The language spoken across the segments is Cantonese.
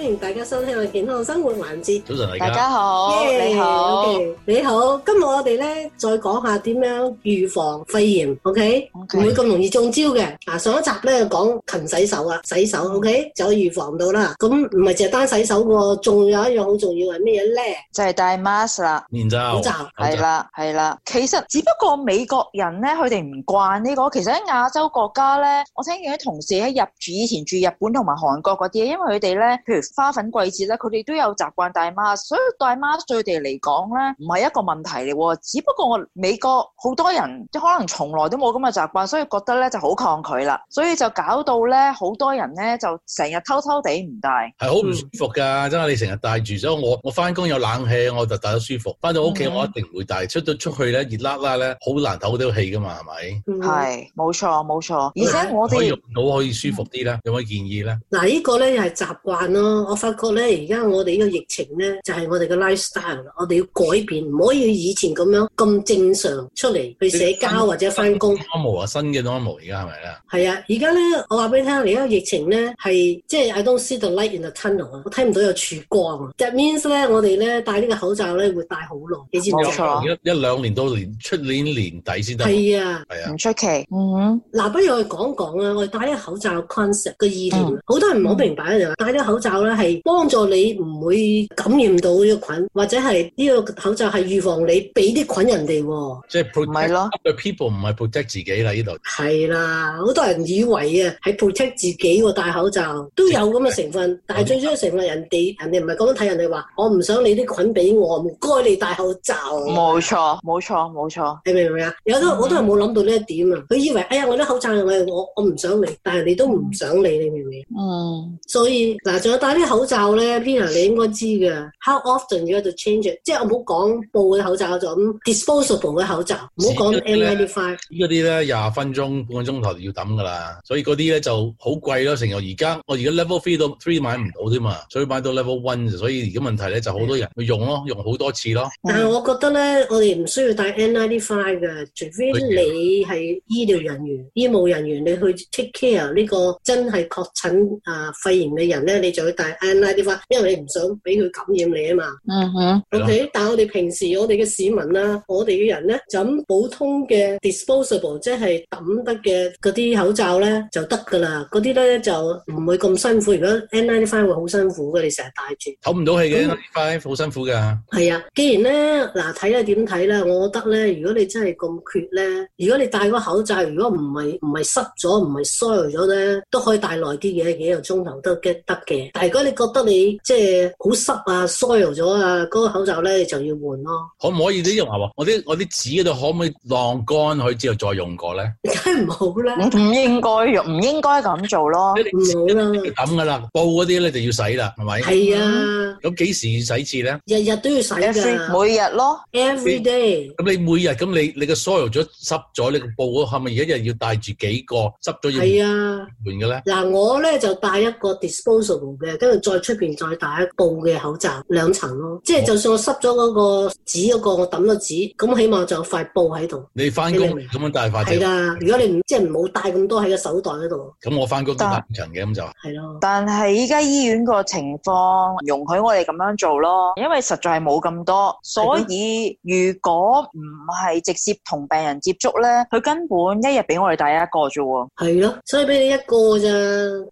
歡迎大家收聽我哋健康生活環節。早晨大家好，你好，你好。今日我哋咧再講下點樣預防肺炎。OK，唔會咁容易中招嘅。嗱，上一集咧講勤洗手啊，洗手。OK，就可以預防到啦。咁唔係淨係單洗手個仲有一樣好重要係咩嘢咧？就係戴 mask 啦。口罩，口罩係啦係啦。其實只不過美國人咧，佢哋唔慣呢個。其實喺亞洲國家咧，我聽見啲同事喺入住以前住日本同埋韓國嗰啲嘢，因為佢哋咧，譬如。花粉季節咧，佢哋都有習慣戴 mask，所以戴 mask 對佢哋嚟講咧，唔係一個問題嚟喎。只不過我美國好多人即可能從來都冇咁嘅習慣，所以覺得咧就好抗拒啦。所以就搞到咧，好多人咧就成日偷偷地唔戴。係好唔舒服㗎，真係你成日戴住，所以我我翻工有冷氣，我就戴得舒服。翻到屋企、嗯、我一定唔會戴。出到出去咧熱辣辣咧，好難唞到氣㗎嘛，係咪？係、嗯，冇錯冇錯。而且我哋可以用到可以舒服啲啦、嗯，有乜建議咧？嗱，呢個咧又係習慣咯。我發覺咧，而家我哋呢個疫情咧，就係、是、我哋嘅 lifestyle，我哋要改變，唔可以以前咁樣咁正常出嚟去社交或者翻工。new normal 啊，新嘅都冇。而家係咪咧？係啊，而家咧，我話俾你聽，而家個疫情咧係即係 I don't see the light in the tunnel 啊，我睇唔到有曙光啊。That means 咧，我哋咧戴呢個口罩咧會戴好耐。你知唔知？冇錯、啊，一一兩年到年出年年底先得。係啊，係啊，唔出奇。嗯、啊，嗱、mm -hmm.，不如我哋講講啊，我哋戴呢個口罩 concept 嘅意念，好、mm -hmm. 多人唔好明白就話、mm -hmm. 戴呢個口罩。咧係幫助你唔會感染到呢個菌，或者係呢個口罩係預防你俾啲菌人哋。即係 protect the people，唔係 protect 自己啦。呢度係啦，好多人以為啊，係 protect 自己戴口罩都有咁嘅成分，但係最主要成分人哋，人哋唔係咁樣睇，人哋話我唔想你啲菌俾我，唔該你戴口罩。冇錯，冇錯，冇錯。你明唔明啊？有啲我都係冇諗到呢一點啊！佢、嗯、以為哎呀，我啲口罩我我我唔想你，但係你都唔想你，嗯、你明唔明？哦、嗯，所以嗱，仲有嗰啲口罩咧，Peter，你應該知嘅。How often you are to change it？即係我唔好講布嘅口罩就咁，disposable 嘅口罩，唔好講 N95。依啲咧廿分鐘、半個鐘頭就要抌噶啦，所以嗰啲咧就好貴咯。成日而家我而家 level three 到 three 買唔到啫嘛，所以買到 level one，所以而家問題咧就好多人去用咯，用好多次咯。但係我覺得咧，我哋唔需要戴 N95 嘅，除非你係醫療人員，醫務人員你去 take care 呢個真係確診啊、呃、肺炎嘅人咧，你就去。戴 N95，因為你唔想俾佢感染你啊嘛。嗯哼。OK，但係我哋平時我哋嘅市民啦，我哋嘅人咧，就咁普通嘅 disposable，即係抌得嘅嗰啲口罩咧，就得㗎啦。嗰啲咧就唔會咁辛苦。如果 N95 會好辛苦㗎，你成日戴住，唞唔到氣嘅 N95，好辛苦㗎。係啊，既然咧嗱，睇下點睇咧？我覺得咧，如果你真係咁缺咧，如果你戴個口罩，如果唔係唔係濕咗，唔係 soil 咗咧，都可以戴耐啲嘅，幾個鐘頭都得得嘅。如果你覺得你即係好濕啊、soil 咗啊，嗰個口罩咧就要換咯。可唔可以啲用下喎？我啲我啲紙嗰度可唔可以晾乾佢之後再用過咧？梗係唔好啦，唔應該用，唔應該咁做咯。唔好啦，咁㗎啦，布嗰啲咧就要洗啦，係咪？係啊。咁幾時要洗一次咧？日日都要洗一次，每日咯，every day。咁你每日咁你你個 soil 咗濕咗，你個布係咪一日要帶住幾個濕咗要換嘅咧？嗱，我咧就帶一個 disposable 嘅。跟住再出邊再戴一布嘅口罩兩層咯，即係就算我濕咗嗰個紙嗰、嗰個，我抌咗紙，咁起碼就有塊布喺度。你翻工咁樣帶塊帶，但係或係啦，如果你唔即係唔好帶咁多喺個手袋嗰度，咁我翻工都兩層嘅咁就係咯。但係依家醫院個情況容許我哋咁樣做咯，因為實在係冇咁多，所以如果唔係直接同病人接觸咧，佢根本一日俾我哋戴一個啫。係咯，所以俾你一個咋，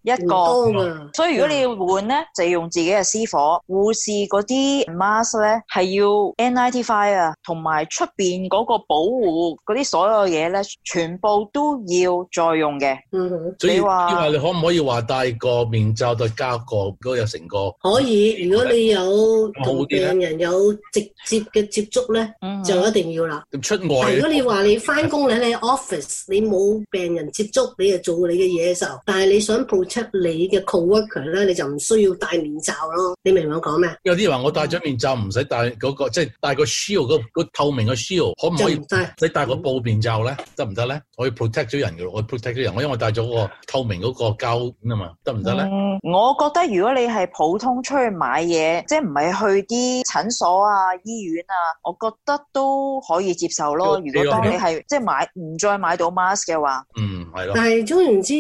一個、嗯，所以如果你要換。咧就用自己嘅私火，護士啲 mask 咧係要 N95 啊，同埋出邊個保護啲所有嘢咧，全部都要再用嘅。嗯你，所以你話你可唔可以話戴個面罩再加個都有成個可以，如果你有同病人有直接嘅接觸咧、嗯，就一定要啦。出外如果你話你翻工咧， 你 office 你冇病人接觸你就做你嘅嘢嘅時候，但係你想 protect 你嘅 co-worker 咧，你就唔。需要戴面罩咯，你明我講咩？有啲人話我戴咗面罩唔使戴嗰、嗰個，即係戴個 shield 嗰透明嘅 shield，可唔可，可以？你戴個布面罩咧，得唔得咧？可以 protect 咗人嘅，我 protect 咗人。我人因為我戴咗個透明嗰個膠啊嘛，得唔得咧？我覺得如果你係普通出去買嘢，即係唔係去啲診所啊、醫院啊，我覺得都可以接受咯。這個、如果當你係、嗯、即係買唔再買到 mask 嘅話，嗯。是咯，但係總言之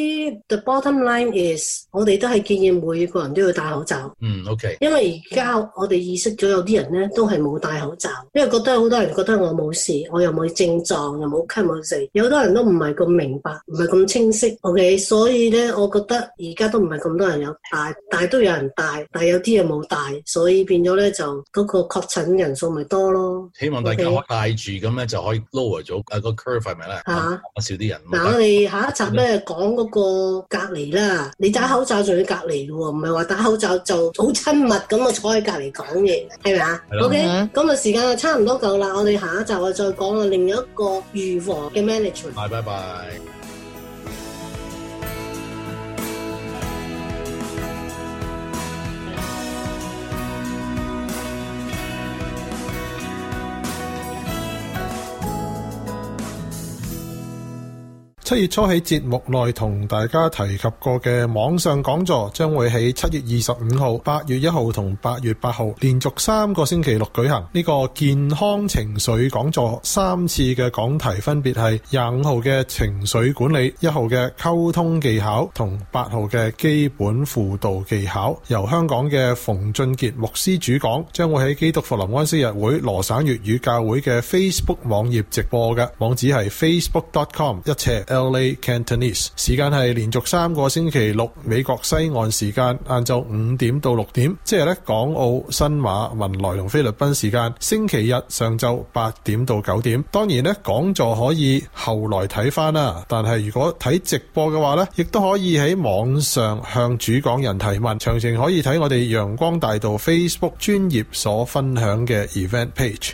，the bottom line is，我哋都係建議每個人都要戴口罩。嗯，OK。因為而家我哋意識咗有啲人咧，都係冇戴口罩，因為覺得好多人覺得我冇事，我又冇症狀，又冇咳冇死，有好多人都唔係咁明白，唔係咁清晰，OK。所以咧，我覺得而家都唔係咁多人有戴，但係都有人戴，但係有啲嘢冇戴，所以變咗咧就嗰個確診人數咪多咯。希望大家戴住咁咧就可以 lower 咗啊個 curve 係咪呢？啊、我少啲人。嗱下一集咧講嗰個隔離啦，你戴口罩仲要隔離嘅喎，唔係話戴口罩就好親密咁啊坐喺隔離講嘢，係咪啊？OK，咁啊時間就差唔多夠啦，我哋下一集啊再講啊另一個預防嘅 management。拜拜拜。七月初喺節目內同大家提及過嘅網上講座將，將會喺七月二十五號、八月一號同八月八號連續三個星期六舉行呢、這個健康情緒講座。三次嘅講題分別係廿五號嘅情緒管理、一號嘅溝通技巧同八號嘅基本輔導技巧，由香港嘅馮俊傑牧師主講，將會喺基督復臨安息日會羅省粵語教會嘅 Facebook 網頁直播嘅網址係 facebook.com 一斜。Sunshine Cantonese 時間係連續三個星期六，美國西岸時間晏晝五點到六點，即係咧港澳新馬、文萊同菲律賓時間星期日上晝八點到九點。當然咧講座可以後來睇返啦，但係如果睇直播嘅話咧，亦都可以喺網上向主講人提問。詳情可以睇我哋陽光大道 Facebook 專頁所分享嘅 Event Page。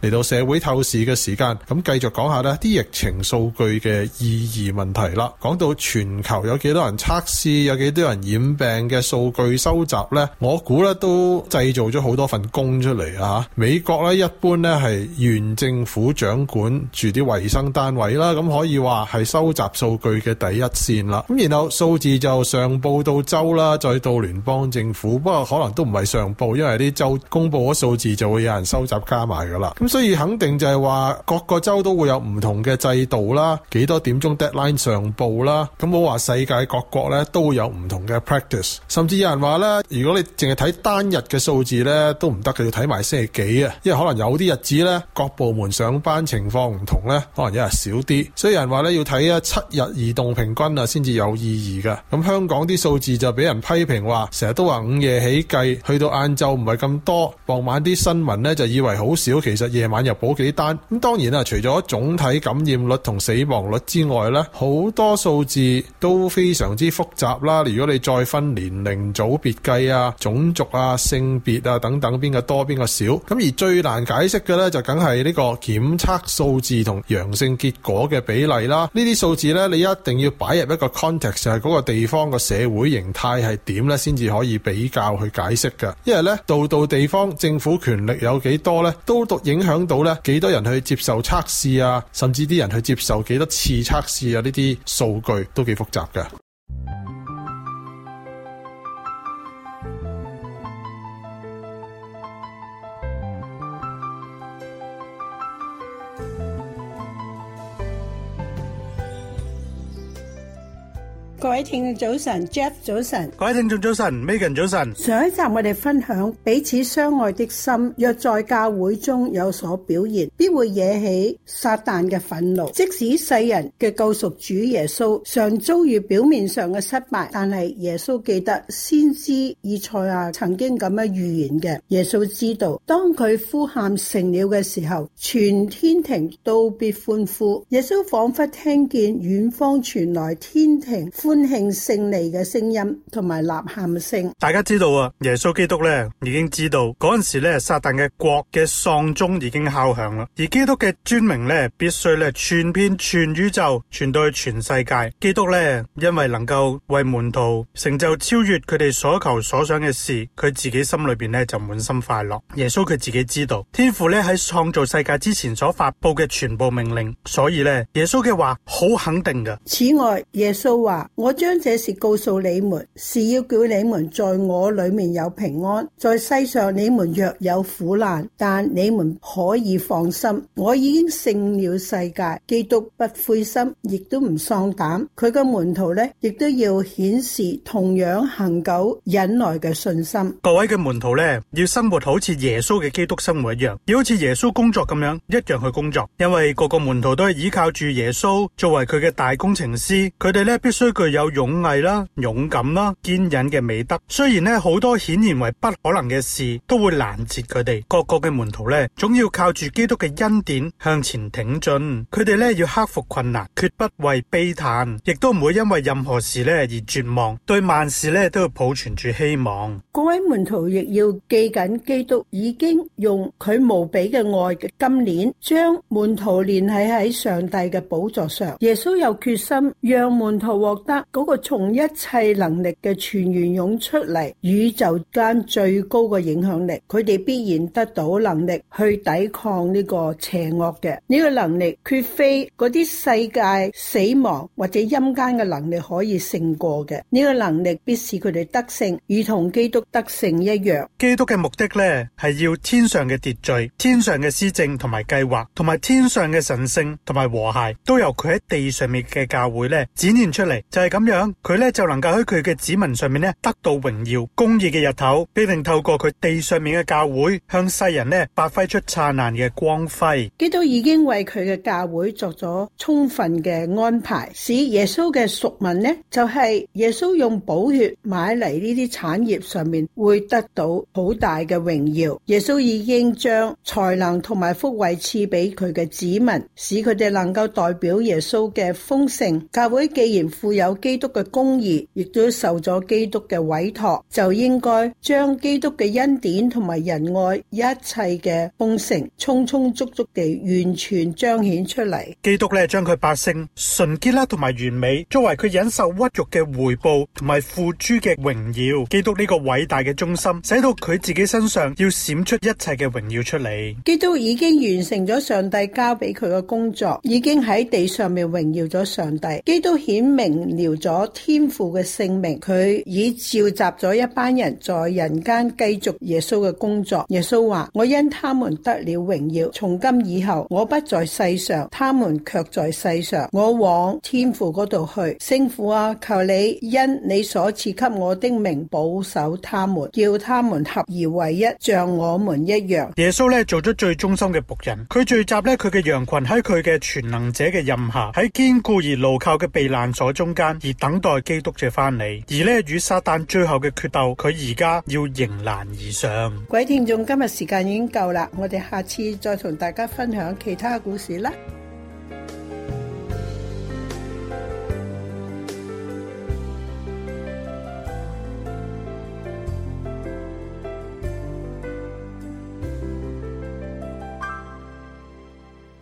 嚟到社會透視嘅時間，咁繼續講下呢啲疫情數據嘅意義問題啦。講到全球有幾多人測試，有幾多人染病嘅數據收集呢？我估咧都製造咗好多份工出嚟啊！美國咧一般咧係縣政府掌管住啲衞生單位啦，咁可以話係收集數據嘅第一線啦。咁然後數字就上報到州啦，再到聯邦政府，不過可能都唔係上報，因為啲州公佈咗數字就會有人收集加埋噶啦。所以肯定就係話各個州都會有唔同嘅制度啦，幾多點鐘 deadline 上報啦。咁我話世界各國咧都會有唔同嘅 practice，甚至有人話咧，如果你淨係睇單日嘅數字咧都唔得嘅，要睇埋星期幾啊，因為可能有啲日子咧各部門上班情況唔同咧，可能一日少啲。所以有人話咧要睇啊七日移動平均啊先至有意義嘅。咁香港啲數字就俾人批評話，成日都話午夜起計，去到晏晝唔係咁多，傍晚啲新聞咧就以為好少，其實。夜晚又補幾單咁，當然啦，除咗總體感染率同死亡率之外咧，好多數字都非常之複雜啦。如果你再分年齡組別計啊、種族啊、性別啊等等，邊個多邊個少咁，而最難解釋嘅咧，就梗係呢個檢測數字同陽性結果嘅比例啦。呢啲數字咧，你一定要擺入一個 context，就係嗰個地方嘅社會形態係點咧，先至可以比較去解釋㗎。因為咧，度度地方政府權力有幾多咧，都讀影響。響到咧，幾多人去接受測試啊？甚至啲人去接受幾多次測試啊？呢啲數據都幾複雜噶。 各位聽眾早晨，Jeff 早晨，各位聽眾早晨，Megan 早晨。上一集我哋分享彼此相愛的心，若在教會中有所表現，必會惹起撒旦嘅憤怒。即使世人嘅救贖主耶穌常遭遇表面上嘅失敗，但係耶穌記得先知以賽亞曾經咁樣預言嘅。耶穌知道，當佢呼喊成了嘅時候，全天庭都別歡呼。耶穌仿佛聽見遠方傳來天庭。歡慶勝利嘅聲音同埋吶喊聲，大家知道啊，耶穌基督咧已經知道嗰陣時咧撒旦嘅國嘅喪鐘已經敲響啦，而基督嘅尊名咧必須咧傳遍全宇宙，傳到去全世界。基督咧因為能夠為門徒成就超越佢哋所求所想嘅事，佢自己心裏邊咧就滿心快樂。耶穌佢自己知道，天父咧喺創造世界之前所發布嘅全部命令，所以咧耶穌嘅話好肯定噶。此外，耶穌話。我將這事告訴你們，是要叫你們在我裏面有平安。在世上你們若有苦難，但你們可以放心，我已經勝了世界。基督不灰心，亦都唔喪膽。佢嘅門徒咧，亦都要顯示同樣恒久忍耐嘅信心。各位嘅門徒咧，要生活好似耶穌嘅基督生活一樣，要好似耶穌工作咁樣，一樣去工作。因為各個門徒都係依靠住耶穌作為佢嘅大工程師，佢哋咧必須具。有勇毅啦、勇敢啦、堅忍嘅美德。雖然呢好多顯然為不可能嘅事都會攔截佢哋，各個嘅門徒呢，總要靠住基督嘅恩典向前挺進。佢哋呢，要克服困難，絕不為悲嘆，亦都唔會因為任何事呢而絕望。對萬事呢，都要保存住希望。各位門徒亦要記緊，基督已經用佢無比嘅愛嘅金鏈，將門徒連繫喺上帝嘅寶座上。耶穌有決心，讓門徒獲得，嗰個從一切能力嘅全員湧出嚟，宇宙間最高嘅影響力，佢哋必然得到能力去抵抗呢個邪惡嘅呢個能力，絕非嗰啲世界死亡或者陰間嘅能力可以勝過嘅。呢個能力必是佢哋得勝，如同基督得勝一樣。基督嘅目的呢，係要天上嘅秩序、天上嘅施政同埋計劃，同埋天上嘅神聖同埋和諧，都由佢喺地上面嘅教會咧展現出嚟，就是咁樣佢咧就能夠喺佢嘅子民上面咧得到榮耀，公義嘅日頭必定透過佢地上面嘅教會向世人咧發揮出燦爛嘅光輝。基督已經為佢嘅教會作咗充分嘅安排，使耶穌嘅熟民呢，就係、是、耶穌用寶血買嚟呢啲產業上面會得到好大嘅榮耀。耶穌已經將才能同埋福惠賜俾佢嘅子民，使佢哋能夠代表耶穌嘅豐盛教會。既然富有。基督嘅公義亦都受咗基督嘅委託，就應該將基督嘅恩典同埋仁愛一切嘅豐盛，充充足足地完全彰顯出嚟。基督呢，將佢百姓純潔啦，同埋完美，作為佢忍受屈辱嘅回報，同埋付諸嘅榮耀。基督呢個偉大嘅忠心，使到佢自己身上要閃出一切嘅榮耀出嚟。基督已經完成咗上帝交俾佢嘅工作，已經喺地上面榮耀咗上帝。基督顯明。聊咗天父嘅性命，佢已召集咗一班人在人間繼續耶穌嘅工作。耶穌話：我因他們得了榮耀，從今以後我不在世上，他們卻在世上。我往天父嗰度去，聖父啊，求你因你所賜給我的名保守他們，叫他們合而為一，像我們一樣。耶穌咧做咗最忠心嘅僕人，佢聚集咧佢嘅羊群喺佢嘅全能者嘅任下，喺堅固而牢靠嘅避難所中間而等待基督徒翻嚟，而呢，與撒旦最後嘅決鬥，佢而家要迎難而上。各位聽眾，今日時間已經夠啦，我哋下次再同大家分享其他故事啦。